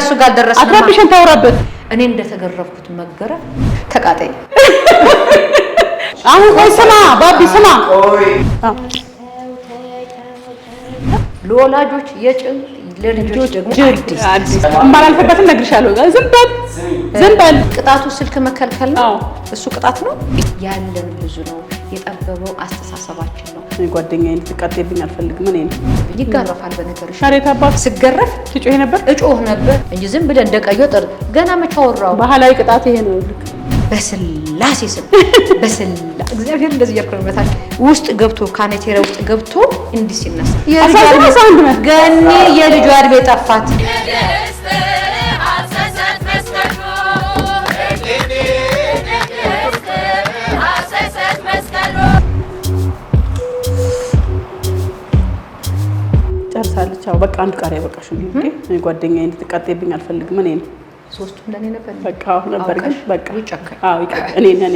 እሱ ጋር ደረስን። አትረብሽን፣ ታወራበት እኔ እንደተገረፍኩት መገረፍ ተቃጠይ። አሁን ቆይ ስማ ባቢ ስማ፣ ለወላጆች የጭን ለልጆች ደግሞ ዝም ዝም በል። ቅጣቱ ስልክ መከልከል ነው። እሱ ቅጣት ነው ያለን ብዙ ነው የጠበበው አስተሳሰባችን ነው። እኔ ጓደኛዬን ትቃጤልኝ አልፈልግም። እኔ ይጋረፋል በነገር ሻሬት አባት ስገረፍ ትጮህ ነበር እጮህ ነበር እንጂ ዝም ብለ እንደቀየ ጥር ገና መቼ አወራሁ። ባህላዊ ቅጣት ይሄ ነው። ልክ በስላሴ ስም በስላ እግዚአብሔር እንደዚህ ያርክርበታል ውስጥ ገብቶ ካኔቴራ ውስጥ ገብቶ እንዲህ ሲነሳ ገኔ የልጇ አድቤ ጠፋት ብቻ በቃ አንድ ቃሪያ በቃሽ ነው። ጓደኛ እንድትቃጠይብኝ አልፈልግም። እኔ ነው ሶስቱም ለኔ ነበር። በቃ አሁን ነበር ግን በቃ አዎ ይጨካል። እኔ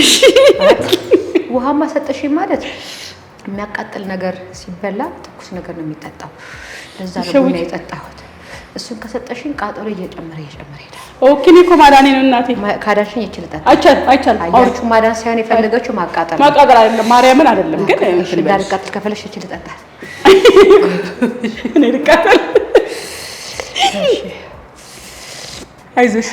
እሺ ውሃማ ሰጠሽ ማለት የሚያቃጥል ነገር ሲበላ ትኩስ ነገር ነው የሚጠጣው። ለዛ ነው ቡና የጠጣሁት። እሱን ከሰጠሽን ቃጠሎ እየጨመረ እየጨመረ ሄዳል። ኦኬ እኔ እኮ ማዳኔ ነው እናቴ። ካዳንሽኝ ይችልታል። አይቻል አይቻል። አውርቹ ማዳን ሳይሆን የፈለገችው ማቃጠል ማቃጠል አይደለም፣ ማርያምን አይደለም። ግን ጋር ቃጠል ከፈለሽ ይችልታል። እኔ ልቃጠል። አይዞሽ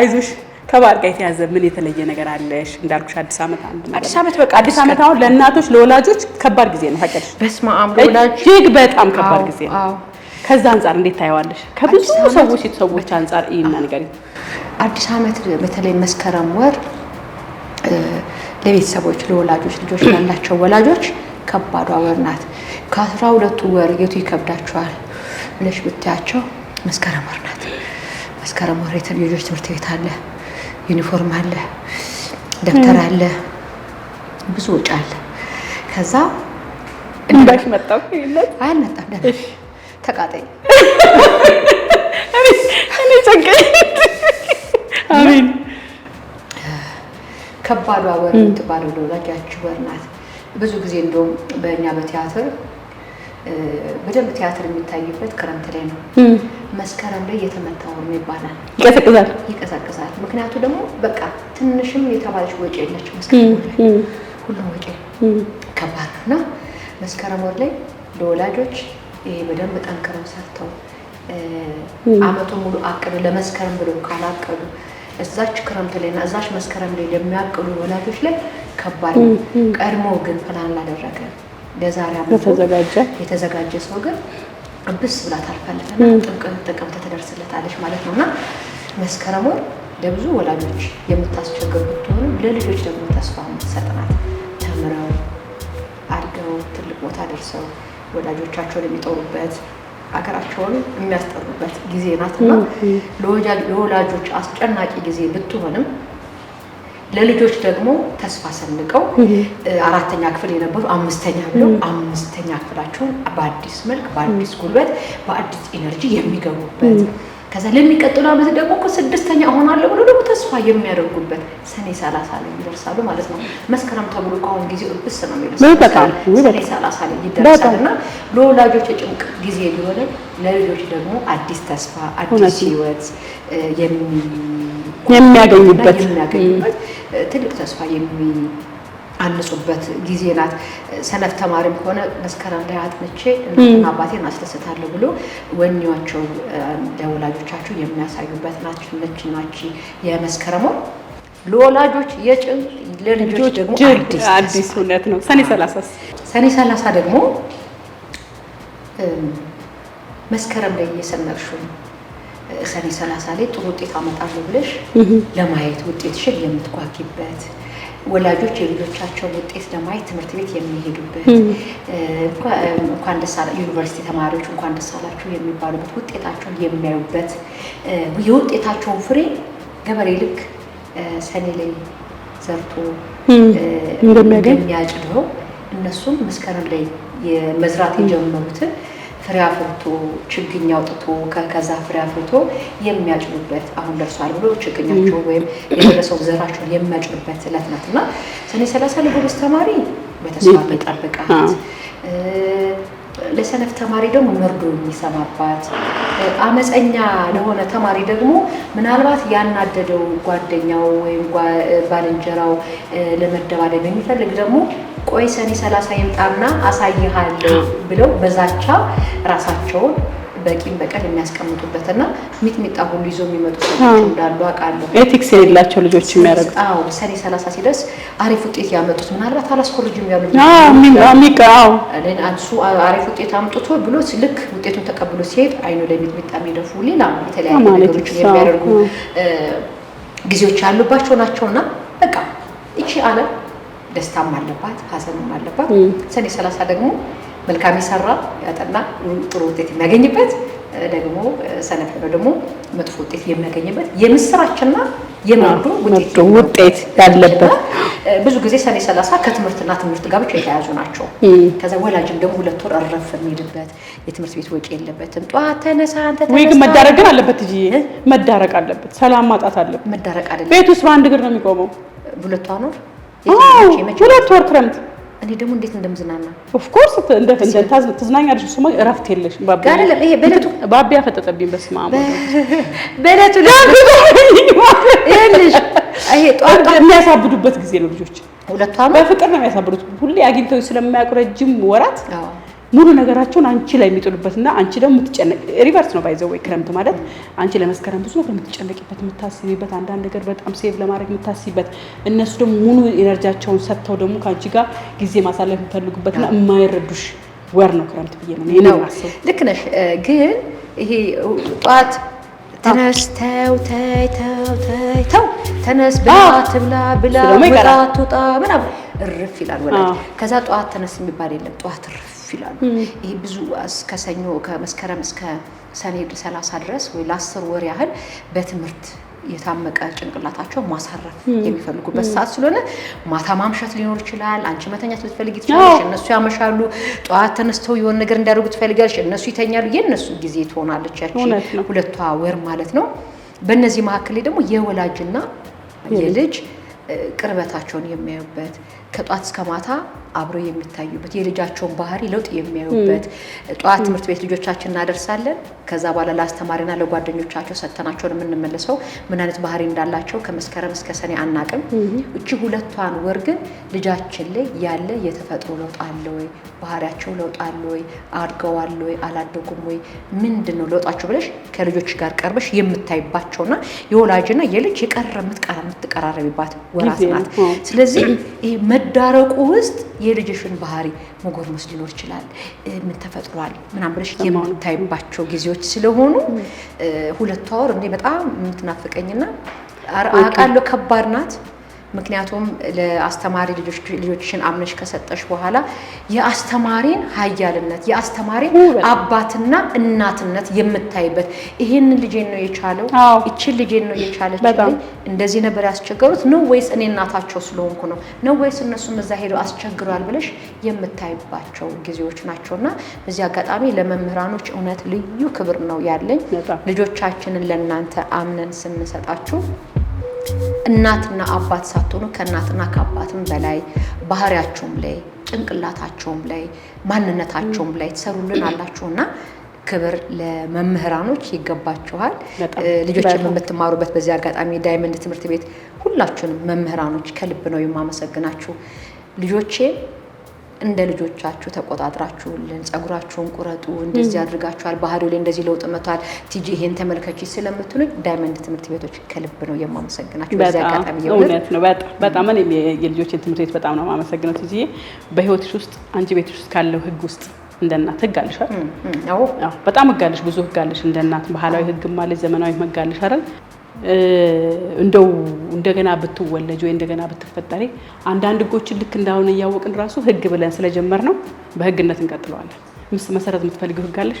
አይዞሽ። ከባል ጋር የተያዘ ምን የተለየ ነገር አለሽ? እንዳልኩሽ አዲስ ዓመት አንድ ነው። አዲስ ዓመት በቃ አዲስ ዓመት አሁን ለእናቶች ለወላጆች ከባድ ጊዜ ነው። ታውቂያለሽ። በስመ አብ ለወላጆች እጅግ በጣም ከባድ ጊዜ ነው። ከዛ አንጻር እንዴት ታየዋለሽ? ከብዙ ሰዎች የተሰዎች አንጻር ይህና ነገር አዲስ አመት በተለይ መስከረም ወር ለቤተሰቦች ለወላጆች ልጆች ላላቸው ወላጆች ከባዷ ወር ናት። ከአስራ ሁለቱ ወር የቱ ይከብዳቸዋል ብለሽ ብታያቸው መስከረም ወር ናት። መስከረም ወር ልጆች ትምህርት ቤት አለ፣ ዩኒፎርም አለ፣ ደብተር አለ፣ ብዙ ወጪ አለ። ከዛ እንዳሽ መጣሁ አልመጣም ተቃጠይ እኔ ጨንቀኝ። አሜን። ከባዷ ወር የምትባለው ደውላት ወር ናት። ብዙ ጊዜ እንደውም በእኛ በቲያትር በደንብ ቲያትር የሚታይበት ክረምት ላይ ነው። መስከረም ላይ የተመታ ወር ይባላል። ይቀሰቅሳል ይቀሰቅሳል። ምክንያቱ ደግሞ በቃ ትንሽም የተባለች ወጪ የለችም። መስከረም ሁሉም ወጪ ከባድ ነው እና መስከረም ወር ላይ ለወላጆች በደንብ ጠንክረው ሰርተው አመቱ ሙሉ አቅዱ ለመስከረም ብሎ ካላቀዱ እዛች ክረምት ላይ እና እዛች መስከረም ላይ ለሚያቅዱ ወላጆች ላይ ከባድ ነው። ቀድሞ ግን ፕላን ላደረገ ለዛሬ የተዘጋጀ ሰው ግን ብስ ብላ ታልፋለችና ጥቅምት ትደርስለታለች ማለት ነው እና መስከረሙ ለብዙ ወላጆች የምታስቸግር ብትሆንም ለልጆች ደግሞ ተስፋ የምትሰጥ ናት። ተምረው አድገው ትልቅ ቦታ ደርሰው ወዳጆቻቸውን የሚጠሩበት ሀገራቸውን የሚያስጠሩበት ጊዜ ናት እና ለወላጆች አስጨናቂ ጊዜ ብትሆንም ለልጆች ደግሞ ተስፋ ሰንቀው አራተኛ ክፍል የነበሩ አምስተኛ ብለው አምስተኛ ክፍላቸውን በአዲስ መልክ በአዲስ ጉልበት በአዲስ ኢነርጂ የሚገቡበት ከዛ ለሚቀጥሉ አመት ደግሞ እኮ ስድስተኛ እሆናለሁ ብሎ ደግሞ ተስፋ የሚያደርጉበት ሰኔ ሰላሳ ላይ ይደርሳሉ ማለት ነው። መስከረም ተብሎ ከአሁን ጊዜ እብስ ነው የሚሉ ሰኔ ሰላሳ ላይ ይደርሳል እና ለወላጆች የጭንቅ ጊዜ ሊሆነ ለልጆች ደግሞ አዲስ ተስፋ አዲስ ህይወት የሚያገኙበት ትልቅ ተስፋ የሚ አንጹበት ጊዜ ናት። ሰነፍ ተማሪም ከሆነ መስከረም ላይ አጥንቼ አባቴን አስደስታለሁ ብሎ ወኔዋቸው ለወላጆቻቸው የሚያሳዩበት ናች ነች ናች የመስከረም ለወላጆች የጭን ለልጆች ደግሞ አዲስ እውነት ነው። ሰኔ ሰላሳ ሰኔ ሰላሳ ደግሞ መስከረም ላይ እየሰመርሹ ሰኔ ሰላሳ ላይ ጥሩ ውጤት አመጣለሁ ብለሽ ለማየት ውጤትሽን የምትጓጊበት ወላጆች የልጆቻቸውን ውጤት ለማየት ትምህርት ቤት የሚሄዱበት እንኳን ደስ አላችሁ ዩኒቨርሲቲ ተማሪዎች እንኳን ደስ አላችሁ የሚባሉበት ውጤታቸውን የሚያዩበት የውጤታቸውን ፍሬ ገበሬ ልክ ሰኔ ላይ ዘርቶ እንደሚያጭደው እነሱም መስከረም ላይ መዝራት የጀመሩትን ፍሬ አፍርቶ ችግኝ አውጥቶ ከዛ ፍሬ አፍርቶ አሁን ደርሷል ብሎ ችግኛቸው ወይም የደረሰው ዘራቸውን የሚያጭሉበት እለት ናት እና ሰኔ ሰላሳ ለጎበዝ ተማሪ በተስፋ ጠብቃት ለሰነፍ ተማሪ ደግሞ መርዶ የሚሰማባት፣ አመፀኛ ለሆነ ተማሪ ደግሞ ምናልባት ያናደደው ጓደኛው ወይም ባልንጀራው ለመደባደብ የሚፈልግ ደግሞ ቆይ ሰኔ ሰላሳ ይምጣና አሳይሃለሁ ብለው በዛቻ ራሳቸውን በቂም በቀል የሚያስቀምጡበት እና ሚጥሚጣ ሁሉ ይዞ የሚመጡ ሰዎች እንዳሉ አውቃለሁ። ኤቲክስ የሌላቸው ልጆች የሚያደርጉት። አዎ ሰኔ ሰላሳ ሲደርስ አሪፍ ውጤት ያመጡት ምናልባት አላስኮርጅም ያሉ እሱ አሪፍ ውጤት አምጥቶ ብሎ ልክ ውጤቱን ተቀብሎ ሲሄድ አይኑ ላይ ሚጥሚጣ የሚደፉ ሌላ የተለያዩ ነገሮች የሚያደርጉ ጊዜዎች ያሉባቸው ናቸው ናቸውና በቃ እቺ ዓለም ደስታም አለባት ሀዘንም አለባት። ሰኔ ሰላሳ ደግሞ መልካም የሰራ ያጠና ጥሩ ውጤት የሚያገኝበት ደግሞ ሰነፍ ነው ደግሞ መጥፎ ውጤት የሚያገኝበት የምስራችና የመርዶ ውጤት ያለበት ብዙ ጊዜ ሰኔ ሰላሳ ከትምህርትና ትምህርት ጋር ብቻ የተያዙ ናቸው። ከዛ ወላጅም ደግሞ ሁለት ወር እረፍ የሚሄድበት የትምህርት ቤት ወጪ የለበትም። ጠዋት ተነሳ አንተ ወይ ግን መዳረቅ ግን አለበት እ መዳረቅ አለበት፣ ሰላም ማጣት አለበት። መዳረቅ አለበት። ቤት ውስጥ በአንድ እግር ነው የሚቆመው። ሁለቷ ኖር ሁለት ወር ክረምት እኔ ደግሞ እንዴት እንደምዝናና ኦፍኮርስ ትዝናኛለሽ። እሱማ እረፍት የለሽም። ባቢ ያፈጠጠብኝ በስመ አብ በእለቱ የሚያሳብዱበት ጊዜ ነው። ልጆች ሁለቱ በፍቅር ነው የሚያሳብዱት። ሁሌ አግኝተው ስለማያውቁ ረጅም ወራት ሙሉ ነገራቸውን አንቺ ላይ የሚጥሉበት የሚጥሉበትና አንቺ ደግሞ የምትጨነቅ ሪቨርስ ነው ባይዘው ወይ ክረምት ማለት አንቺ ለመስከረም ብዙ ነገር የምትጨነቅበት የምታስቢበት፣ አንዳንድ ነገር በጣም ሴቭ ለማድረግ የምታስቢበት፣ እነሱ ደግሞ ሙሉ ኤነርጂያቸውን ሰጥተው ደግሞ ከአንቺ ጋር ጊዜ ማሳለፍ የሚፈልጉበት የምፈልጉበትና የማይረዱሽ ወር ነው ክረምት ብዬ ነው ነው። ልክ ነሽ። ግን ይሄ ጠዋት ተነስ ተው ተይተው ተይተው ተነስ ብላ ትብላ ብላ ወጣ ትውጣ ምናምን እርፍ ይላል ወላጅ። ከዛ ጠዋት ተነስ የሚባል የለም ጠዋት እርፍ ይላሉ። ይህ ብዙ ከሰኞ ከመስከረም እስከ ሰኔ ሰላሳ ድረስ ወይ ለአስር ወር ያህል በትምህርት የታመቀ ጭንቅላታቸው ማሳረፍ የሚፈልጉበት ሰዓት ስለሆነ ማታ ማምሸት ሊኖር ይችላል። አንቺ መተኛት ልትፈልጊ ትችላለሽ፣ እነሱ ያመሻሉ። ጠዋት ተነስተው የሆነ ነገር እንዲያደርጉ ትፈልጋለሽ፣ እነሱ ይተኛሉ። የእነሱ ጊዜ ትሆናለች ያቺ ሁለቷ ወር ማለት ነው። በእነዚህ መካከል ላይ ደግሞ የወላጅና የልጅ ቅርበታቸውን የሚያዩበት ከጧት እስከ ማታ አብረው የሚታዩበት የልጃቸውን ባህሪ ለውጥ የሚያዩበት ጠዋት ትምህርት ቤት ልጆቻችን እናደርሳለን። ከዛ በኋላ ለአስተማሪና ለጓደኞቻቸው ሰተናቸውን የምንመልሰው ምን አይነት ባህሪ እንዳላቸው ከመስከረም እስከ ሰኔ አናቅም። እቺ ሁለቷን ወር ግን ልጃችን ላይ ያለ የተፈጥሮ ለውጥ አለ ወይ፣ ባህሪያቸው ለውጥ አለ ወይ፣ አድገዋል ወይ፣ አላደጉም ወይ፣ ምንድን ነው ለውጣቸው ብለሽ ከልጆች ጋር ቀርበሽ የምታይባቸውና የወላጅና የልጅ የቀረ የምትቀራረቢባት ወራት ናት። ስለዚህ መዳረቁ ውስጥ የልጅሽን ባህሪ መጎርመስ ሊኖር ይችላል። ምን ተፈጥሯል ምናምን ብለሽ የምታይባቸው ጊዜዎች ስለሆኑ ሁለቷ ወር እኔ በጣም የምትናፍቀኝና አውቃለሁ ከባድ ናት ምክንያቱም ለአስተማሪ ልጆችሽን አምነሽ ከሰጠሽ በኋላ የአስተማሪን ኃያልነት የአስተማሪን አባትና እናትነት የምታይበት ይህን ልጄን ነው የቻለው፣ ይችን ልጄን ነው የቻለች፣ እንደዚህ ነበር ያስቸገሩት ነው ወይስ እኔ እናታቸው ስለሆንኩ ነው ነው ወይስ እነሱም እዛ ሄደው አስቸግሯል ብለሽ የምታይባቸው ጊዜዎች ናቸው በዚህ አጋጣሚ ለመምህራኖች እውነት ልዩ ክብር ነው ያለኝ። ልጆቻችንን ለእናንተ አምነን ስንሰጣችሁ እናትና አባት ሳትሆኑ ከእናትና ከአባትም በላይ ባህሪያቸውም ላይ ጭንቅላታቸውም ላይ ማንነታቸውም ላይ ትሰሩልን አላችሁና ክብር ለመምህራኖች ይገባችኋል። ልጆች የምትማሩበት በዚህ አጋጣሚ ዳይመንድ ትምህርት ቤት ሁላችሁንም መምህራኖች ከልብ ነው የማመሰግናችሁ ልጆቼ እንደ ልጆቻችሁ ተቆጣጥራችሁልን ጸጉራችሁን ቁረጡ፣ እንደዚህ አድርጋችኋል፣ ባህሪ ላይ እንደዚህ ለውጥ መቷል፣ ቲጂ ይሄን ተመልከች ስለምትሉኝ ዳይመንድ ትምህርት ቤቶች ከልብ ነው የማመሰግናችሁ። በዚህ አጋጣሚ እውነት ነው በጣም እኔም የልጆችን ትምህርት ቤት በጣም ነው የማመሰግነው። ቲጂ በህይወትሽ ውስጥ አንቺ ቤትሽ ውስጥ ካለው ህግ ውስጥ እንደ እናት ህግ አለሽ አይደል? በጣም ህግ አለሽ፣ ብዙ ህግ አለሽ እንደ እናት ባህላዊ ህግም አለሽ፣ ዘመናዊ ህግ አለሽ አይደል? እንደው እንደገና ብትወለጅ ወይ እንደገና ብትፈጠሪ አንዳንድ ህጎችን ልክ እንዳሁን እያወቅን ራሱ ህግ ብለን ስለጀመር ነው በህግነት እንቀጥለዋለን። ምስ መሰረት የምትፈልገው ህግ አለሽ?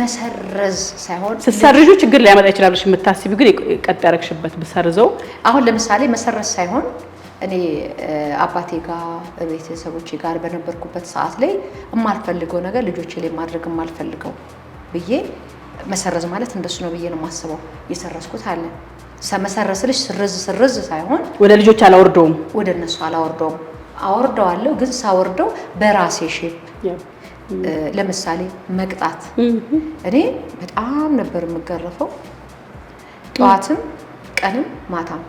መሰረዝ ሳይሆን ስትሰርዡ ችግር ሊያመጣ ይችላል ብለሽ የምታስቢ ግን ቀጥ ያረግሽበት ብሰርዘው አሁን ለምሳሌ መሰረዝ ሳይሆን እኔ አባቴ ጋር ቤተሰቦቼ ጋር በነበርኩበት ሰዓት ላይ የማልፈልገው ነገር ልጆቼ ላይ ማድረግ የማልፈልገው ብዬ መሰረዝ ማለት እንደሱ ነው ብዬ ነው የማስበው። የሰረዝኩት አለ መሰረስልሽ ስርዝ ስርዝ ሳይሆን ወደ ልጆች አላወርደውም፣ ወደ እነሱ አላወርደውም። አወርደዋለሁ ግን ሳወርደው በራሴ ሼፕ ለምሳሌ መቅጣት፣ እኔ በጣም ነበር የምገረፈው ጠዋትም ቀንም ማታም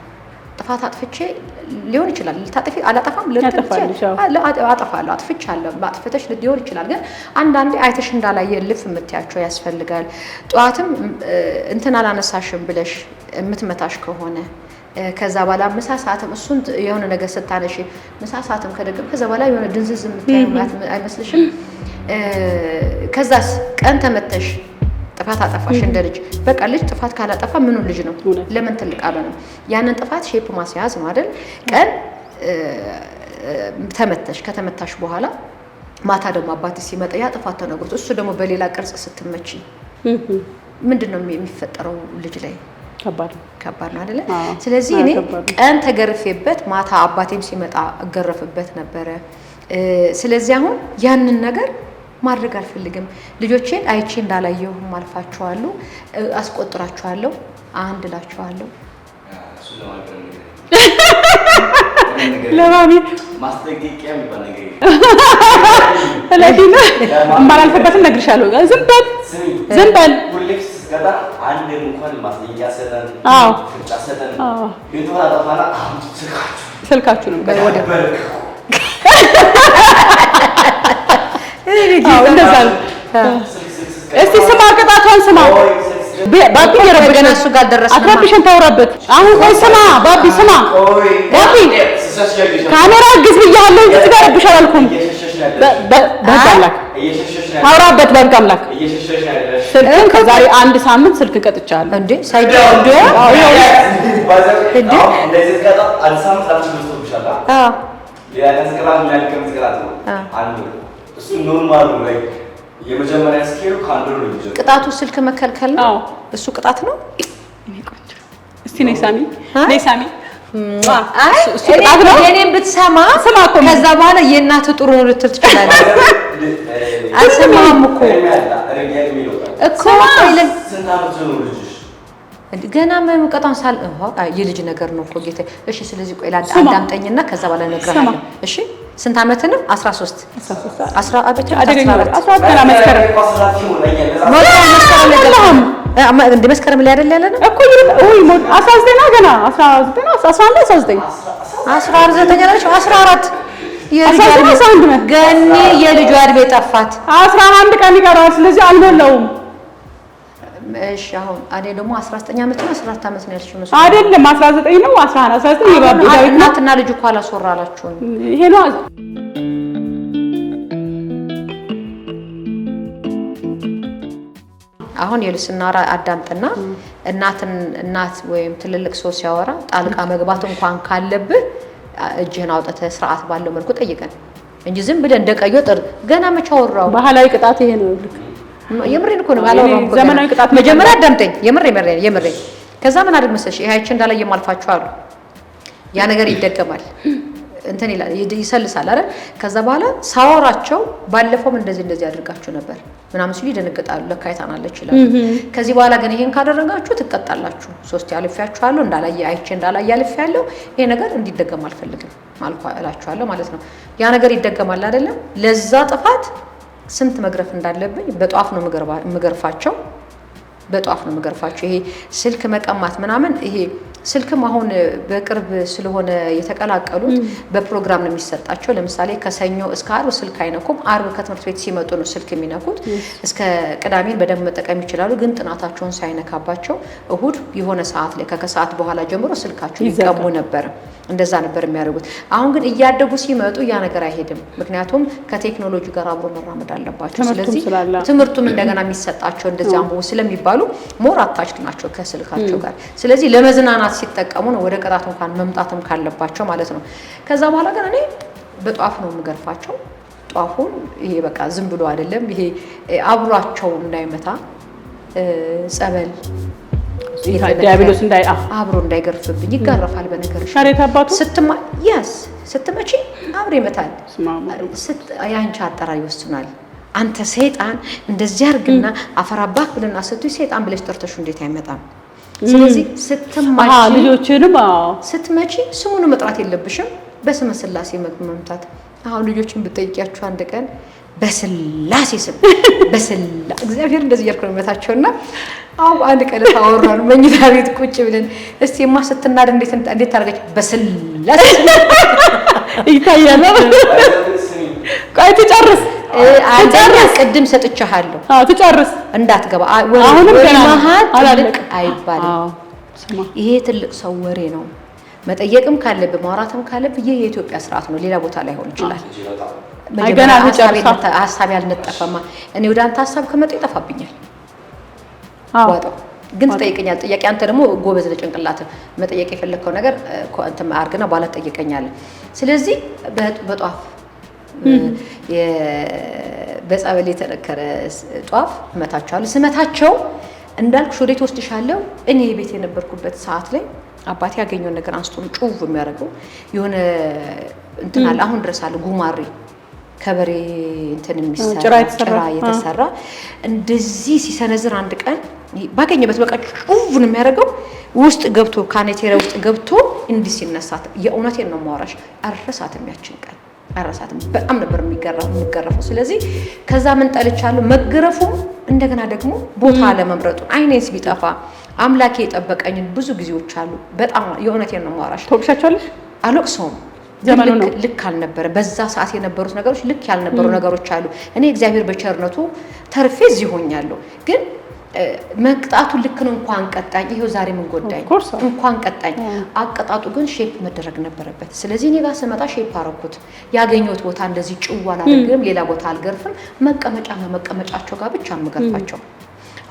ጥፋት አጥፍቼ ሊሆን ይችላል ልታጠፊ አላጠፋም አጠፋለሁ አጥፍቻለሁ አጥፍተሽ ሊሆን ይችላል ግን አንዳንዴ አይተሽ እንዳላየ ልፍ የምትያቸው ያስፈልጋል ጠዋትም እንትን አላነሳሽም ብለሽ የምትመታሽ ከሆነ ከዛ በኋላ ምሳ ሰዓትም እሱን የሆነ ነገር ስታነሽ ምሳ ሰዓትም ከደግም ከዛ በኋላ የሆነ ድንዝዝ የምትያዩት አይመስልሽም ከዛስ ቀን ተመተሽ ጥፋት አጠፋሽ እንደ ልጅ በቃ ልጅ ጥፋት ካላጠፋ ምኑ ልጅ ነው? ለምን ትልቅ አለ ነው? ያንን ጥፋት ሼፕ ማስያዝ ነው አይደል? ቀን ተመተሽ ከተመታሽ በኋላ ማታ ደግሞ አባት ሲመጣ ያ ጥፋት ተነግሮት እሱ ደግሞ በሌላ ቅርጽ ስትመች ምንድን ነው የሚፈጠረው ልጅ ላይ? ከባድ ነው አይደለ? ስለዚህ እኔ ቀን ተገርፌበት ማታ አባቴም ሲመጣ እገረፍበት ነበረ። ስለዚህ አሁን ያንን ነገር ማድረግ አልፈልግም። ልጆቼን አይቼ እንዳላየው አልፋችኋለሁ፣ አስቆጥራችኋለሁ፣ አንድ እላችኋለሁ። ለማሚ ማስጠንቀቂያ የሚባል ነገር የማላልፍበትን እነግርሻለሁ። ዝም በል ዝም በል ስልካችሁንም እስቲ ስማ፣ ቅጣቷን ስማ። ባቢ ገና እሱ ጋር ደረሰ። አትረብሽን፣ ተውረበት አሁን። ቆይ ስማ ባቢ፣ ስማ ባቢ፣ ካሜራ ግዝ ብያለሁ። እዚህ ጋር ረብሽ አላልኩም። በህግ አምላክ ታውራበት፣ በህግ አምላክ ስልክ ከዛሬ አንድ ሳምንት ስልክ ቀጥቻለሁ። እንዴ ሳይደው እንዴ አዎ ቅጣቱ ስልክ መከልከል ነው። እሱ ቅጣት ነው። እስቲ ነይ ሳሚ፣ ነይ ሳሚ እኔም ብትሰማ ከዛ በኋላ የእናት ጥሩ ነው ልትል ትችላለህ። አልሰማህም እኮ እኮ ገና መቀጣን ሳል የልጅ ነገር ነው እኮ ጌታዬ። እሺ፣ ስለዚህ ቆይ ከዛ በኋላ እነግርሃለሁ። እሺ ስንት ዓመት ነው? 13 አመት መስከረም ላይ አይደል ያለ ነው እኮ ወይ ሞድ 19 ገና 19 14 የልጇ እድሜ ጠፋት። 11 ቀን ይቀራል። ስለዚህ አልሞላውም እሺ አሁን አዴ ደግሞ 19 ዓመት ነው 14 ዓመት ነው ያልሽው መስሎኝ አይደለም 19 ነው 11 19 ዳዊት እናትና ልጅ እኮ አላስወራላችሁም ይሄ ነው አሁን አዳምጥና እናትን እናት ወይም ትልልቅ ሰው ሲያወራ ጣልቃ መግባት እንኳን ካለብህ እጅህን አውጥተህ ስርዓት ባለው መልኩ ጠይቀን እንጂ ዝም ብለህ እንደቀየው ጥር ገና መቼ አወራው ባህላዊ ቅጣት ይሄ ነው ልክ የምሬን እኮ ነው ባላወራው እኮ ዘመናዊ ቅጣት መጀመሪያ አዳምጠኝ። የምሬ መሬ የምሬ ከዛ ምን አድርግ መሰለሽ ይሄ አይቼ እንዳላየ ማልፋችሁ አሉ ያ ነገር ይደገማል እንትን ይላል ይሰልሳል አይደል? ከዛ በኋላ ሳወራቸው ባለፈውም እንደዚህ እንደዚህ አድርጋችሁ ነበር ምናምን ሲሉ ይደነግጣሉ። ለካ አይታናለች ይላሉ። ከዚህ በኋላ ግን ይሄን ካደረጋችሁ ትቀጣላችሁ። ሶስት አልፌያችኋለሁ፣ እንዳላየ አይቼ እንዳላየ አልፌያለሁ። ይሄ ነገር እንዲደገም አልፈልግም እላችኋለሁ ማለት ነው። ያ ነገር ይደገማል አይደለም? ለዛ ጥፋት ስንት መግረፍ እንዳለብኝ በጧፍ ነው የምገርፋቸው በጧፍ ነው የምገርፋቸው። ይሄ ስልክ መቀማት ምናምን ይሄ ስልክም አሁን በቅርብ ስለሆነ የተቀላቀሉት በፕሮግራም ነው የሚሰጣቸው። ለምሳሌ ከሰኞ እስከ አርብ ስልክ አይነኩም። አርብ ከትምህርት ቤት ሲመጡ ነው ስልክ የሚነኩት። እስከ ቅዳሜን በደንብ መጠቀም ይችላሉ፣ ግን ጥናታቸውን ሳይነካባቸው እሁድ የሆነ ሰዓት ላይ ከከሰዓት በኋላ ጀምሮ ስልካቸው ይቀሙ ነበር። እንደዛ ነበር የሚያደርጉት። አሁን ግን እያደጉ ሲመጡ ያ ነገር አይሄድም። ምክንያቱም ከቴክኖሎጂ ጋር አብሮ መራመድ አለባቸው። ስለዚህ ትምህርቱም እንደገና የሚሰጣቸው እንደዚያ ስለሚባሉ ሞር አታችድ ናቸው ከስልካቸው ጋር። ስለዚህ ለመዝናናት ሲጠቀሙ ነው ወደ ቅጣት እንኳን መምጣትም ካለባቸው ማለት ነው። ከዛ በኋላ ግን እኔ በጧፍ ነው የምገርፋቸው። ጧፉን ይሄ በቃ ዝም ብሎ አይደለም፣ ይሄ አብሯቸው እንዳይመታ ጸበል ዲያብሎስ እንዳይ አብሮ እንዳይገርፍብኝ ይጋረፋል። በነገር ታሪክ አባቱ ስትማ ያስ ስትመቺ አብሮ ይመታል። ስት የአንቺ አጠራር ይወስናል። አንተ ሰይጣን እንደዚህ አድርግና አፈራባክ ብለና ስትይ ሰይጣን ብለሽ ጠርተሹ እንዴት አይመጣም? ስለዚህ ስትማቺ ልጆችንም ስትመጪ ስሙን መጥራት የለብሽም። በስመ ስላሴ መምታት አሁን ልጆችን ብጠይቂያችሁ አንድ ቀን በስላሴ ስም በስላ እግዚአብሔር እንደዚህ እያልኩ ነው መታቸው እና አሁ አንድ ቀን ታወራን መኝታ ቤት ቁጭ ብለን እስቲ ማ ስትናድ እንዴት እንዴት ታደርገች በስላሴ ይታያል። ቆይ ትጨርስ አንደኛ ቅድም ሰጥቻለሁ። አዎ ትጨርስ እንዳትገባ አሁንም ገና ትልቅ አይባልም። ይሄ ትልቅ ሰው ወሬ ነው። መጠየቅም ካለብህ ማውራትም ካለብህ ይህ የኢትዮጵያ ስርዓት ነው። ሌላ ቦታ ላይ ሆን ይችላል። ገና ሀሳብ ያልነጠፈማ እኔ ወደ አንተ ሀሳብ ከመጣ ይጠፋብኛል። ዋጠው ግን ትጠይቀኛል ጥያቄ። አንተ ደግሞ ጎበዝ ለጭንቅላት መጠየቅ የፈለግከው ነገር እንትን አድርግና በኋላ ትጠይቀኛለህ። ስለዚህ በጧፍ በጸበል የተነከረ ጧፍ እመታቸዋለሁ። ስመታቸው እንዳልኩሽ ወደ ትወስድሻለሁ። እኔ ቤት የነበርኩበት ሰዓት ላይ አባቴ ያገኘውን ነገር አንስቶ ጩቭ የሚያደርገው የሆነ እንትን አለ። አሁን ድረስ አለ ጉማሬ ከበሬ እንትን የሚሰራ ጭራ የተሰራ እንደዚህ ሲሰነዝር አንድ ቀን ባገኘበት በቃ ጩቭ ነው የሚያደርገው። ውስጥ ገብቶ ካኔቴራ ውስጥ ገብቶ እንዲህ ሲነሳት የእውነቴን ነው የማወራሽ። አረሳትም ያችን ቀን አረሳትም። በጣም ነበር የሚገረፈው። ስለዚህ ከዛ ምን ጠልቻለሁ መገረፉ፣ እንደገና ደግሞ ቦታ አለመምረጡ። አይኔንስ ቢጠፋ አምላኬ የጠበቀኝን ብዙ ጊዜዎች አሉ። በጣም የእውነቴን ነው የማወራሽ። ተወቅሻቸዋለሽ? አልወቅሰውም ዘመኑ ነው ልክ አልነበረ። በዛ ሰዓት የነበሩት ነገሮች ልክ ያልነበሩ ነገሮች አሉ። እኔ እግዚአብሔር በቸርነቱ ተርፌ እዚህ ሆኛለሁ። ግን መቅጣቱ ልክ ነው። እንኳን ቀጣኝ፣ ይሄው ዛሬ ምን ጎዳኝ፣ እንኳን ቀጣኝ። አቀጣጡ ግን ሼፕ መደረግ ነበረበት። ስለዚህ እኔ ጋር ስመጣ ሼፕ አረኩት። ያገኘሁት ቦታ እንደዚህ ጭዋን አልገርም፣ ሌላ ቦታ አልገርፍም። መቀመጫና መቀመጫቸው ጋር ብቻ የምገርፋቸው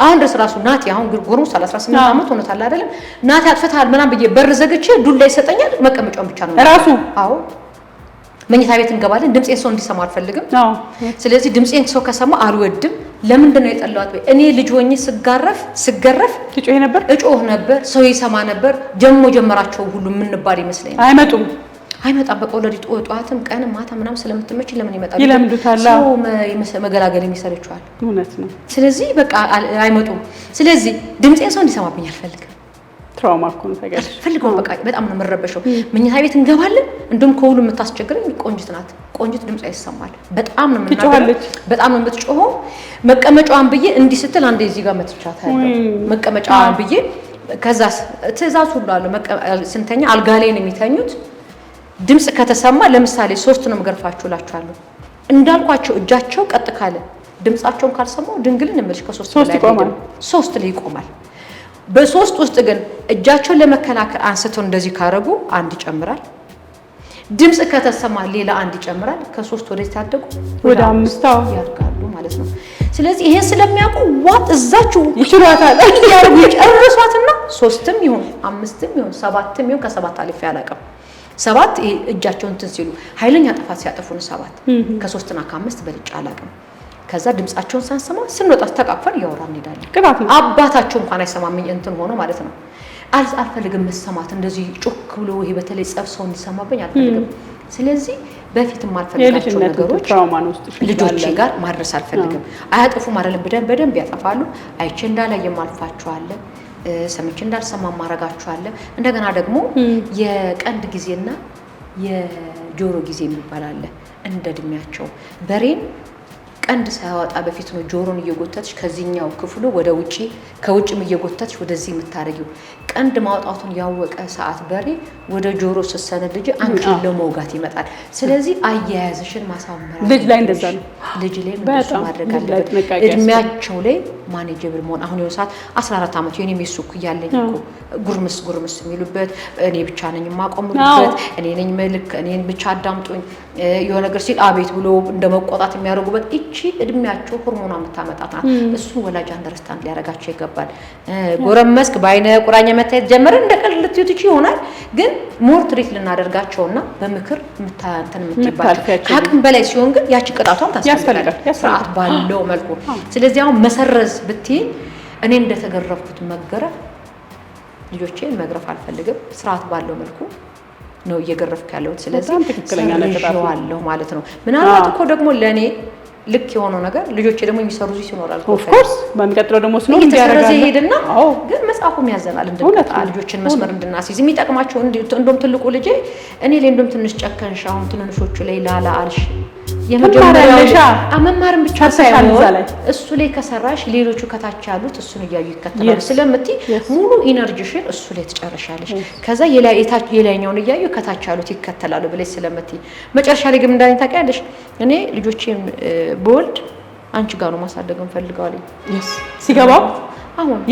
አሁን ድረስ ራሱ ናቲ አሁን ጉርጉሩ 38 ዓመት ሆኖታል አይደለም። ናቲ አጥፍተሃል ምናምን ብዬ በር ዘግቼ ዱላ ይሰጠኛል። መቀመጫውን ብቻ ነው ራሱ። አዎ መኝታ ቤት እንገባለን። ድምፄን ሰው እንዲሰማ አልፈልግም። ስለዚህ ድምፄን ሰው ከሰማ አልወድም። ለምንድን ነው የጠላዋት? እኔ ልጅ ሆኜ ስጋረፍ ስገረፍ እጮህ ነበር፣ እጮህ ነበር፣ ሰው ይሰማ ነበር። ጀሞ ጀመራቸው ሁሉ የምንባል ይመስለኛል። አይመጡም አይመጣም። በቃ ጠዋትም ቀን ማታ ምናምን ስለምትመች ለምን ይመጣል? ይለምዱታል። ሰው መገላገል የሚሰለችዋል። እውነት ነው። ስለዚህ በቃ አይመጡም። ስለዚህ ድምፄን ሰው እንዲሰማብኝ አልፈልግም። ትራውማ እኮ ነው ፈልገው በቃ በጣም ነው የምንረበሸው። መኝታ ቤት እንገባለን። እንደውም ከሁሉ የምታስቸግረኝ ቆንጅት ናት። ቆንጅት ድምፅ ይሰማል። በጣም ነው የምናገረው፣ በጣም ነው የምትጮኸው። መቀመጫዋን ብዬ እንዲህ ስትል አንዴ እዚህ ጋር መትቻት ያለው መቀመጫዋን ብዬ ከዛ ትእዛዝ ሁሉ አለው። ስንተኛ አልጋ ላይ ነው የሚተኙት ድምፅ ከተሰማ ለምሳሌ ሶስት ሶስቱንም እገርፋችሁላችኋለሁ እንዳልኳቸው እጃቸው ቀጥ ካለ ድምፃቸውን ካልሰማው ድንግልን እምልሽ ከሶስት ሶስት ላይ ይቆማል። በሶስት ውስጥ ግን እጃቸውን ለመከላከል አንስተው እንደዚህ ካረጉ አንድ ይጨምራል። ድምፅ ከተሰማ ሌላ አንድ ይጨምራል። ከሶስት ወደ ታደጉ ወደ አምስት ያድጋሉ ማለት ነው። ስለዚህ ይሄን ስለሚያውቁ ዋጥ እዛችሁ ይችሏታል ያርጉ ጨርሷትና ሶስትም ይሁን አምስትም ይሁን ሰባትም ይሁን ከሰባት አልፌ አላውቅም ሰባት እጃቸውን እንትን ሲሉ ኃይለኛ ጥፋት ሲያጠፉን ሰባት ከሶስትና ከአምስት በልጭ አላቅም። ከዛ ድምፃቸውን ሳንሰማ ስንወጣ ተቃቅፈን እያወራ እንሄዳለን። አባታቸው እንኳን አይሰማምኝ እንትን ሆኖ ማለት ነው። አልፈልግም መሰማት እንደዚህ ጮክ ብሎ ይሄ በተለይ ጸብ ሰው እንዲሰማብኝ አልፈልግም። ስለዚህ በፊት የማልፈልጋቸው ነገሮች ልጆቼ ጋር ማድረስ አልፈልግም። አያጠፉም አይደለም፣ በደንብ ያጠፋሉ። አይቼ እንዳላየ ማልፋቸዋለን ሰምቼ እንዳልሰማ ማረጋችኋለሁ። እንደገና ደግሞ የቀንድ ጊዜና የጆሮ ጊዜ የሚባል አለ። እንደ እድሜያቸው በሬን ቀንድ ሳያወጣ በፊት ነው ጆሮን እየጎተትሽ ከዚህኛው ክፍሉ ወደ ውጭ ከውጭም እየጎተትሽ ወደዚህ የምታደርጊው። ቀንድ ማውጣቱን ያወቀ ሰዓት በሬ ወደ ጆሮ ልጅ አንቺ ለመውጋት ይመጣል። ስለዚህ አያያዝሽን ማሳመር ልጅ ላይ እንደዛ ነው። ልጅ ላይ እንደሱ ማድረግ አለበት። እድሜያቸው ላይ ማኔጀብል መሆን አሁን የሆነ ሰዓት 14 ዓመት የኔ ሚስቱ እያለኝ ጉርምስ ጉርምስ የሚሉበት እኔ ብቻ ነኝ የማቆምበት እኔ ነኝ መልክ እኔን ብቻ አዳምጡኝ የሆነ ነገር ሲል አቤት ብሎ እንደመቆጣት የሚያደርጉበት እች እቺ እድሜያቸው ሆርሞኗ የምታመጣት ናት። እሱን ወላጅ አንደርስታንድ ሊያረጋቸው ይገባል። ጎረመስክ በአይነ ቁራኛ መታየት ጀመረ እንደ ቀልድ ልትዩት ይቺ ይሆናል፣ ግን ሞር ትሪት ልናደርጋቸውና በምክር ምታንተን የምትባቸው ከአቅም በላይ ሲሆን ግን ያቺ ቅጣቷም ታስፈልጋል ስርዓት ባለው መልኩ። ስለዚህ አሁን መሰረዝ ብትይ እኔ እንደተገረፍኩት መገረፍ ልጆቼ መግረፍ አልፈልግም። ስርዓት ባለው መልኩ ነው እየገረፍኩ ያለሁት። ስለዚህ ትክክለኛ ነገር ማለት ነው። ምናልባት እኮ ደግሞ ለእኔ ልክ የሆነው ነገር ልጆች ደግሞ የሚሰሩ የሚሰሩት ሲኖራል ኦፍኮርስ በሚቀጥለው ደግሞ ስኖ እየተሰረዘ ይሄድና ግን መጽሐፉም ያዘናል እንድንቀጣ ልጆችን መስመር እንድናስይዝ የሚጠቅማቸው እንደውም ትልቁ ልጄ እኔ ላይ እንደውም ትንሽ ጨከንሽ አሁን ትንንሾቹ ላይ ላላ አልሽ መማርን ብቻ እሱ ላይ ከሰራሽ ሌሎቹ ከታች ያሉት እሱን እያዩ ይከተላሉ ስለምትይ ሙሉ ኢነርጂሽን እሱ ላይ ትጨርሻለሽ። ከዛ የላይኛውን እያዩ ከታች ያሉት ይከተላሉ ብለሽ ስለምትይ መጨረሻ ላይ ግን እንዳለኝ ታውቂያለሽ። እኔ ልጆቼም በወልድ አንቺ ጋር ነው ማሳደግ እንፈልገዋለኝ ሲገባው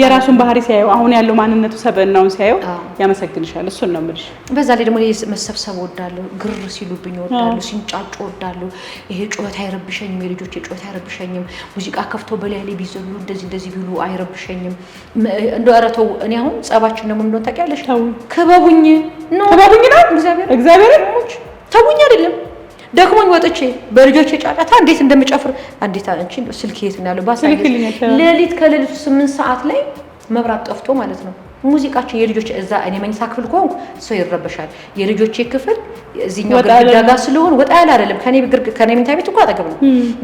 የራሱን ባህሪ ሲያየው አሁን ያለው ማንነቱ ሰብዕናውን ሲያየው ያመሰግንሻል። እሱን ነው የምልሽ። በዛ ላይ ደግሞ መሰብሰብ ወዳለሁ፣ ግር ሲሉብኝ ወዳለሁ፣ ሲንጫጩ ወዳለሁ። ይሄ ጩኸት አይረብሸኝም፣ የልጆች ጩኸት አይረብሸኝም። ሙዚቃ ከፍቶ በላይ ላይ ቢዘሉ እንደዚህ እንደዚህ ቢሉ አይረብሸኝም። እንደ ኧረ እኔ አሁን ጸባችን ደግሞ እንደሆነ ታውቂያለሽ። ክበቡኝ ነው ክበቡኝ ነው እግዚአብሔር እግዚአብሔር ተውኝ አይደለም ደክሞኝ ወጥቼ በልጆቼ ጫጫታ እንዴት እንደምጨፍር አንዴት አንቺ ስልክ የት ነው ያለው? ሌሊት ከሌሊቱ ስምንት ሰዓት ላይ መብራት ጠፍቶ ማለት ነው ሙዚቃችን የልጆች እዛ እኔ መኝታ ክፍል ከሆንኩ ሰው ይረበሻል። የልጆቼ ክፍል እዚህኛው ግድግዳ ጋር ስለሆን ወጣ ያለ አይደለም። ከኔ መኝታ ቤት እኮ አጠገብ ነው፣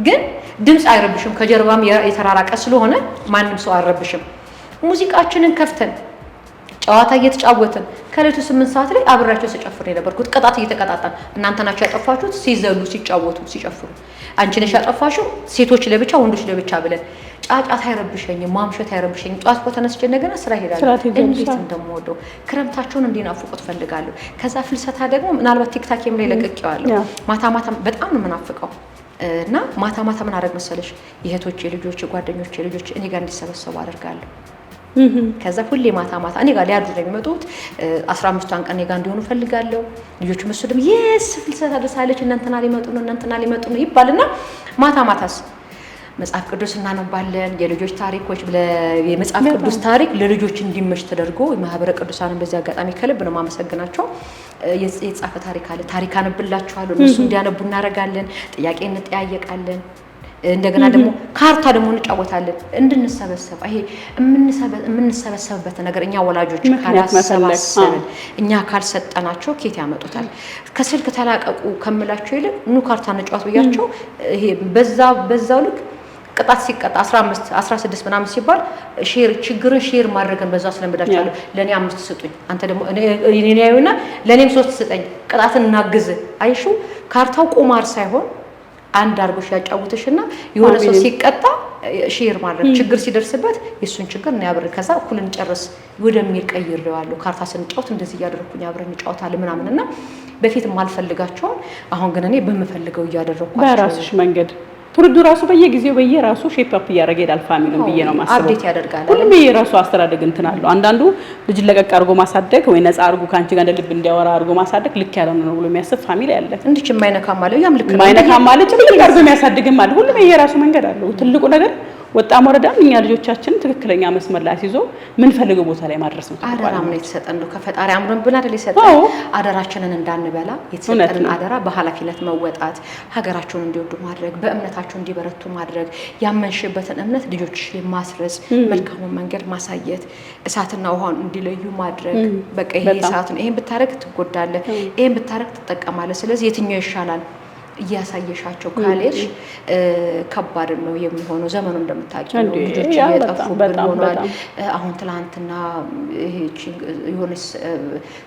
ግን ድምፅ አይረብሽም። ከጀርባም የተራራቀ ስለሆነ ማንም ሰው አይረብሽም። ሙዚቃችንን ከፍተን ጨዋታ እየተጫወትን ከሌቱ ስምንት ሰዓት ላይ አብሬያቸው ስጨፍር የነበርኩት ቅጣት እየተቀጣጣን እናንተ ናቸው ያጠፋችሁት ሲዘሉ ሲጫወቱ ሲጨፍሩ አንቺ ነሽ ያጠፋሽው ሴቶች ለብቻ ወንዶች ለብቻ ብለን ጫጫት አይረብሸኝም ማምሸት አይረብሸኝም ጠዋት እኮ ተነስቼ እንደገና ስራ እሄዳለሁ እንዴት እንደምወደው ክረምታቸውን እንዲናፍቁት ፈልጋለሁ ከዛ ፍልሰታ ደግሞ ምናልባት ቲክታኬም ላይ ለቅቄዋለሁ ማታ ማታ በጣም ነው የምናፍቀው እና ማታ ማታ ምን አደረግ መሰለሽ የእህቶቼ ልጆች የጓደኞቼ ልጆች እኔ ጋር እንዲሰበሰቡ አደርጋለሁ ከዛ ሁሌ ማታ ማታ እኔ ጋር ሊያድሩ የሚመጡት አስራ አምስቷን ቀን እኔ ጋር እንዲሆኑ ፈልጋለሁ። ልጆቹ መሱ ደግሞ የስ ፍልሰታ ደሳለች እናንተና ሊመጡ ነው እናንተና ሊመጡ ነው ይባልና ማታ ማታስ መጽሐፍ ቅዱስ እናነባለን። የልጆች ታሪኮች የመጽሐፍ ቅዱስ ታሪክ ለልጆች እንዲመች ተደርጎ የማህበረ ቅዱሳንን በዚህ አጋጣሚ ከልብ ነው ማመሰግናቸው። የተጻፈ ታሪክ አለ። ታሪክ አነብላችኋለሁ፣ እነሱ እንዲያነቡ እናደርጋለን። ጥያቄ እንጠያየቃለን። እንደገና ደግሞ ካርታ ደግሞ እንጫወታለን እንድንሰበሰብ። ይሄ የምንሰበሰብበት ነገር እኛ ወላጆች ካላሰባሰብን እኛ ካልሰጠናቸው ኬት ያመጡታል። ከስልክ ተላቀቁ ከምላቸው ይልቅ ኑ ካርታ እንጫወት ብያቸው ይሄ በዛ በዛው ልክ ቅጣት ሲቀጣ 15 16 ምናምን ሲባል ሼር ችግርን ሼር ማድረግን በዛ ስለምዳችኋለሁ። ለእኔ አምስት ስጡኝ፣ አንተ ደግሞ እኔ ለእኔም ሶስት ስጠኝ፣ ቅጣትን እናግዝ አይሹ ካርታው ቁማር ሳይሆን አንድ አርጎሽ ያጫውትሽና የሆነ ሰው ሲቀጣ ሼር ማድረግ ችግር ሲደርስበት የእሱን ችግር እና ያብር ከዛ እኩል እንጨርስ ወደሚል ቀይሬዋለሁ። ካርታ ስንጫወት እንደዚህ እያደረግኩኝ አብረን እንጫወታለን ምናምን እና በፊት ማልፈልጋቸውን አሁን ግን እኔ በምፈልገው እያደረግኳቸው በራስሽ መንገድ ትውልዱ ራሱ በየጊዜው በየራሱ ሼፕ አፕ እያደረገ ሄዳል። ፋሚሊን ብዬ ነው ማስበው። አፕዴት ያደርጋል። ሁሉም የራሱ አስተዳደግ እንትን አለው። አንዳንዱ ልጅ ለቀቅ አድርጎ ማሳደግ ወይ ነፃ አድርጎ ከአንቺ ጋር እንደ ልብ እንዲያወራ አድርጎ ማሳደግ ልክ ያልሆነ ነው ብሎ የሚያስብ ፋሚሊ አለ። እንድች የማይነካም አለ ያም ልክ ነው። የማይነካም አለ አድርጎ የሚያሳድግም አለ። ሁሉም የራሱ መንገድ አለው። ትልቁ ነገር ወጣም ወረዳም እኛ ልጆቻችን ትክክለኛ መስመር ላይ አስይዞ ምንፈልገው ቦታ ላይ ማድረስ ነው። አደራም ነው የተሰጠን ነው ከፈጣሪ አምሮን ብን አይደል የሰጠን። አደራችንን እንዳንበላ የተሰጠንን አደራ በኃላፊነት መወጣት፣ ሀገራቸውን እንዲወዱ ማድረግ፣ በእምነታቸው እንዲበረቱ ማድረግ፣ ያመንሽበትን እምነት ልጆች የማስረጽ መልካሙን መንገድ ማሳየት፣ እሳትና ውሃን እንዲለዩ ማድረግ። በቃ ይሄ እሳት ነው፣ ይሄን ብታረግ ትጎዳለህ፣ ይሄን ብታረግ ትጠቀማለህ። ስለዚህ የትኛው ይሻላል እያሳየሻቸው ካልሄድሽ ከባድ ነው የሚሆነው። ዘመኑ እንደምታውቂው ልጆች እየጠፉብን ሆኗል። አሁን ትላንትና የሆነ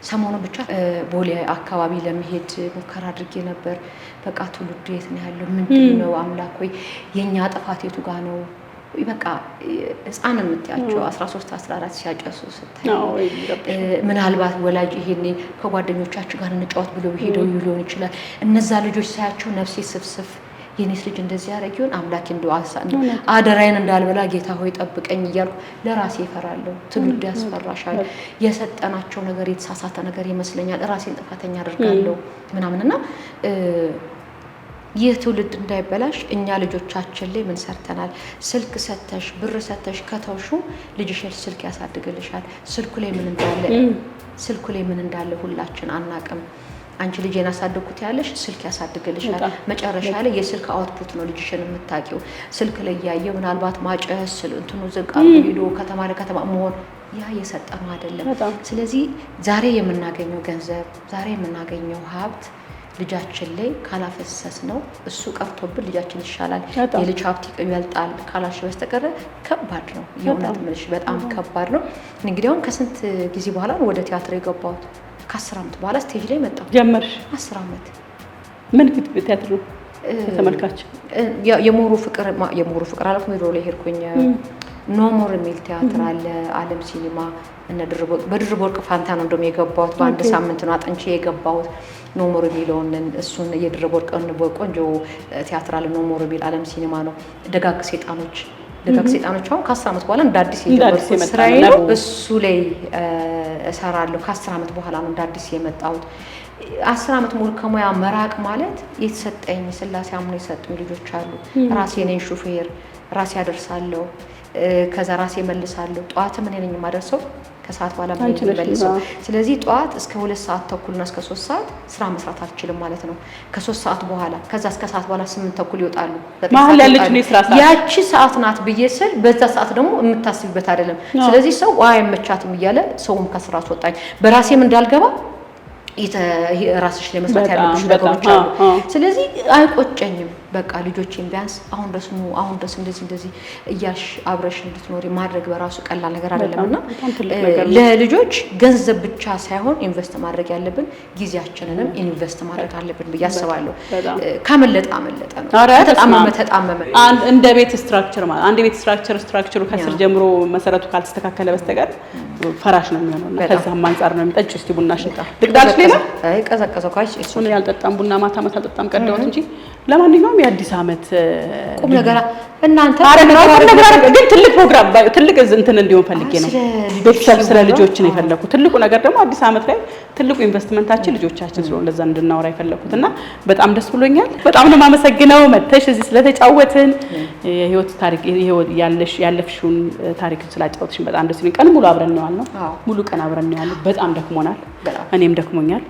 ሰሞኑን ብቻ ቦሌ አካባቢ ለመሄድ ሙከራ አድርጌ ነበር። በቃ ትውልዱ የት ነው ያለው? ምንድን ነው አምላክ ወይ የእኛ ጥፋት የቱ ጋ ነው በቃ ህፃን የምትያቸው 13 14 ሲያጨሱ ስታይ ምናልባት ወላጅ ይሄኔ ከጓደኞቻችሁ ጋር እንጫወት ብሎ ሄደው ሊሆን ይችላል። እነዛ ልጆች ሳያቸው ነፍሴ ስፍስፍ የኔስ ልጅ እንደዚህ ያደረግ ይሆን አምላኬ፣ እንደው አደራዬን እንዳልበላ ጌታ ሆይ ጠብቀኝ እያልኩ ለራሴ እፈራለሁ። ትውልድ ያስፈራሻል። የሰጠናቸው ነገር የተሳሳተ ነገር ይመስለኛል። ራሴን ጥፋተኛ አድርጋለሁ ምናምንና ይህ ትውልድ እንዳይበላሽ እኛ ልጆቻችን ላይ ምን ሰርተናል? ስልክ ሰተሽ ብር ሰተሽ ከተውሹ ልጅሽ ስልክ ያሳድግልሻል። ስልኩ ላይ ምን እንዳለ ስልኩ ላይ ምን እንዳለ ሁላችን አናቅም። አንቺ ልጄን አሳደግኩት ያለሽ ስልክ ያሳድግልሻል። መጨረሻ ላይ የስልክ አውትፑት ነው ልጅሽን የምታውቂው። ስልክ ላይ እያየ ምናልባት ማጨስ እንትኑ ዝቃ ሄዶ ከተማ ለከተማ መሆን ያ የሰጠነው አይደለም። ስለዚህ ዛሬ የምናገኘው ገንዘብ ዛሬ የምናገኘው ሀብት ልጃችን ላይ ካላፈሰስ ነው እሱ ቀርቶብን ልጃችን ይሻላል፣ የልጅ ሀብት ይበልጣል ካላሽ በስተቀረ ከባድ ነው። የእውነት የምልሽ በጣም ከባድ ነው። እንግዲህ አሁን ከስንት ጊዜ በኋላ ወደ ቲያትር የገባሁት? ከአስር ዓመት በኋላ ስቴጅ ላይ መጣሁ። ጀመርሽ? አስር ዓመት ምን ቲያትር ተመልካች የሞሩ ፍቅር የሞሩ ፍቅር አላፍ ሜሮ ላይ ሄድኩኝ። ኖሞር የሚል ቲያትር አለ አለም ሲኒማ። በድርብ ወርቅ ፋንታ ነው እንደውም የገባሁት። በአንድ ሳምንት ነው አጥንቼ የገባሁት። ኖሞር የሚለውን እሱን እየደረበ ወርቀን በቆንጆ ቲያትራል ኖሞር የሚል አለም ሲኒማ ነው። ደጋግ ሴጣኖች ደጋግ ሴጣኖች አሁን ከአስር ዓመት በኋላ እንደ አዲስ የጀመርኩት ስራዬ ነው። እሱ ላይ እሰራለሁ። ከአስር ዓመት በኋላ ነው እንደ አዲስ የመጣሁት። አስር ዓመት ሙሉ ከሙያ መራቅ ማለት የተሰጠኝ ስላሴ አምኖ የሰጡኝ ልጆች አሉ። ራሴ ነኝ ሹፌር፣ ራሴ አደርሳለሁ፣ ከዛ ራሴ መልሳለሁ። ጠዋትም ምን ነኝ የማደርሰው ከሰዓት በኋላ ብሬክ የሚመልሰው። ስለዚህ ጠዋት እስከ ሁለት ሰዓት ተኩልና እስከ ሶስት ሰዓት ስራ መስራት አልችልም ማለት ነው። ከሶስት ሰዓት በኋላ ከዛ እስከ ሰዓት በኋላ ስምንት ተኩል ይወጣሉ። ያለች ነው ሰዓት ያቺ ሰዓት ናት ብዬ ስል በዛ ሰዓት ደግሞ የምታስብበት አይደለም። ስለዚህ ሰው አይመቻትም እያለ ሰውም ከስራ አስወጣኝ በራሴም እንዳልገባ ራስሽ ላይ መስራት ያለብሽ ነገሮች አሉ። ስለዚህ አይቆጨኝም። በቃ ልጆቼም ቢያንስ አሁን ድረስ ኑ አሁን ድረስ እንደዚህ እንደዚህ እያልሽ አብረሽ እንድትኖሪ ማድረግ በራሱ ቀላል ነገር አይደለም እና ለልጆች ገንዘብ ብቻ ሳይሆን ኢንቨስት ማድረግ ያለብን ጊዜያችንንም ኢንቨስት ማድረግ አለብን ብዬ አስባለሁ። ከመለጠ አመለጠ ነው፣ ተጣመመ ተጣመመ። እንደ ቤት ስትራክቸር ማለት አንድ ቤት ስትራክቸር ስትራክቸሩ ከስር ጀምሮ መሰረቱ ካልተስተካከለ በስተቀር ፈራሽ ነው የሚሆነው። ከዛም አንጻር ነው የሚጠጭ። እስቲ ቡናሽን ልቅዳልሽ። ሌላ ካሽ እሱን ያልጠጣም ቡና ማታ ማታ አልጠጣም ቀደውት እንጂ ለማንኛውም የአዲስ ዓመት ቁም ነገር እናንተ ግን ትልቅ ፕሮግራም ትልቅ እንትን እንዲሆን ፈልጌ ነው። ቤተሰብ ስለ ልጆች ነው የፈለኩት። ትልቁ ነገር ደግሞ አዲስ ዓመት ላይ ትልቁ ኢንቨስትመንታችን ልጆቻችን ስለሆነ ለዛ እንድናወራ የፈለኩት እና በጣም ደስ ብሎኛል። በጣም ነው የማመሰግነው መተሽ እዚህ ስለተጫወትን የህይወት ታሪክ ያለፍሽውን ታሪክ ስላጫወትሽን በጣም ደስ ይለኛል። ቀን ሙሉ አብረን ነው ያልነው። ሙሉ ቀን አብረን ነው ያልነው። በጣም ደክሞናል። እኔም ደክሞኛል።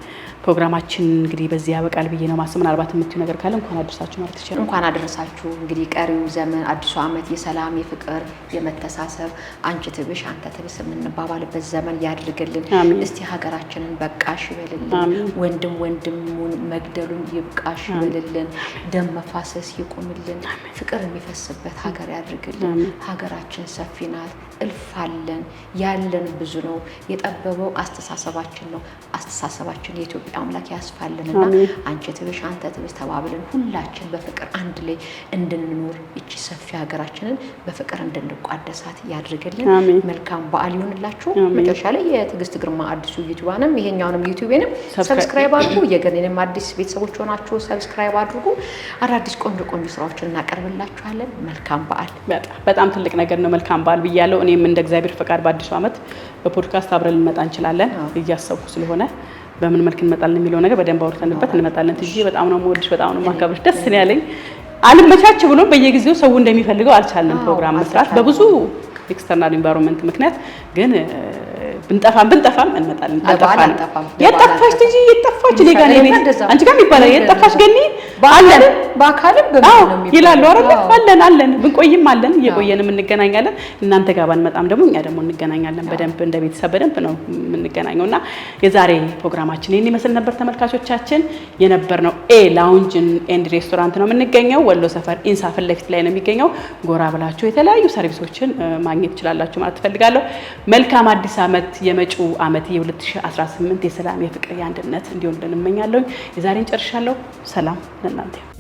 ፕሮግራማችን እንግዲህ በዚህ ያበቃል ብዬ ነው ማሰብ። ምናልባት የምትዩ ነገር ካለ እንኳን አደረሳችሁ ማለት ይችላል። እንኳን አደረሳችሁ። እንግዲህ ቀሪው ዘመን አዲሱ ዓመት የሰላም የፍቅር፣ የመተሳሰብ አንቺ ትብሽ አንተ ትብስ የምንባባልበት ዘመን ያድርግልን። እስቲ ሀገራችንን በቃሽ ይበልልን። ወንድም ወንድሙን መግደሉን ይብቃሽ ይበልልን። ደም መፋሰስ ይቁምልን። ፍቅር የሚፈስበት ሀገር ያድርግልን። ሀገራችን ሰፊ ናት፣ እልፍ አለን፣ ያለን ብዙ ነው። የጠበበው አስተሳሰባችን ነው። አስተሳሰባችን የኢትዮጵያ አምላክ ያስፋልንና አንቺ ትብሽ አንተ ትብስ ተባብልን ሁላችን በፍቅር አንድ ላይ እንድንኖር እቺ ሰፊ ሀገራችንን በፍቅር እንድንቋደሳት ያድርግልን። መልካም በዓል ይሁንላችሁ። መጨረሻ ላይ የትዕግስት ግርማ አዲሱ ዩቲዩባንም ይሄኛውንም ዩቲዩቤንም ሰብስክራይብ አድርጉ። የገኔንም አዲስ ቤተሰቦች ሆናችሁ ሰብስክራይብ አድርጉ። አዳዲስ ቆንጆ ቆንጆ ስራዎችን እናቀርብላችኋለን። መልካም በዓል። በጣም ትልቅ ነገር ነው። መልካም በዓል ብያለሁ። እኔም እንደ እግዚአብሔር ፈቃድ በአዲሱ ዓመት በፖድካስት አብረን ልንመጣ እንችላለን እያሰብኩ ስለሆነ በምን መልክ እንመጣለን የሚለው ነገር በደንብ አውርተንበት እንመጣለን። ትጂ በጣም ነው የምወድሽ፣ በጣም ነው የማከብርሽ። ደስ ነው ያለኝ። አልመቻች ብሎ በየጊዜው ሰው እንደሚፈልገው አልቻለም ፕሮግራም መስራት በብዙ ኤክስተርናል ኢንቫይሮንመንት ምክንያት ግን ብንጠፋም ብንጠፋም እንመጣለን። አልጠፋን። የጠፋሽ ልጅ የጠፋች ሌጋ ነው አንቺ ጋር ይባላል። የጠፋሽ ገኒ አለን በአካልም ይላሉ አይደል? አለን አለን ብንቆይም አለን እየቆየንም እንገናኛለን። እናንተ ጋር ባንመጣም ደግሞ እኛ ደግሞ እንገናኛለን። በደንብ እንደ ቤተሰብ በደንብ ነው የምንገናኘው እና የዛሬ ፕሮግራማችን ይህን ይመስል ነበር። ተመልካቾቻችን የነበርነው ኤ ላውንጅ ኤንድ ሬስቶራንት ነው የምንገኘው። ወሎ ሰፈር ኢንሳ ፊት ለፊት ላይ ነው የሚገኘው። ጎራ ብላችሁ የተለያዩ ሰርቪሶችን ማግኘት ትችላላችሁ ማለት ትፈልጋለሁ። መልካም አዲስ ዓመት የመጪው ዓመት የ2018 የሰላም የፍቅር፣ የአንድነት እንዲሆንልን እመኛለሁ። የዛሬን ጨርሻለሁ። ሰላም ለእናንተ።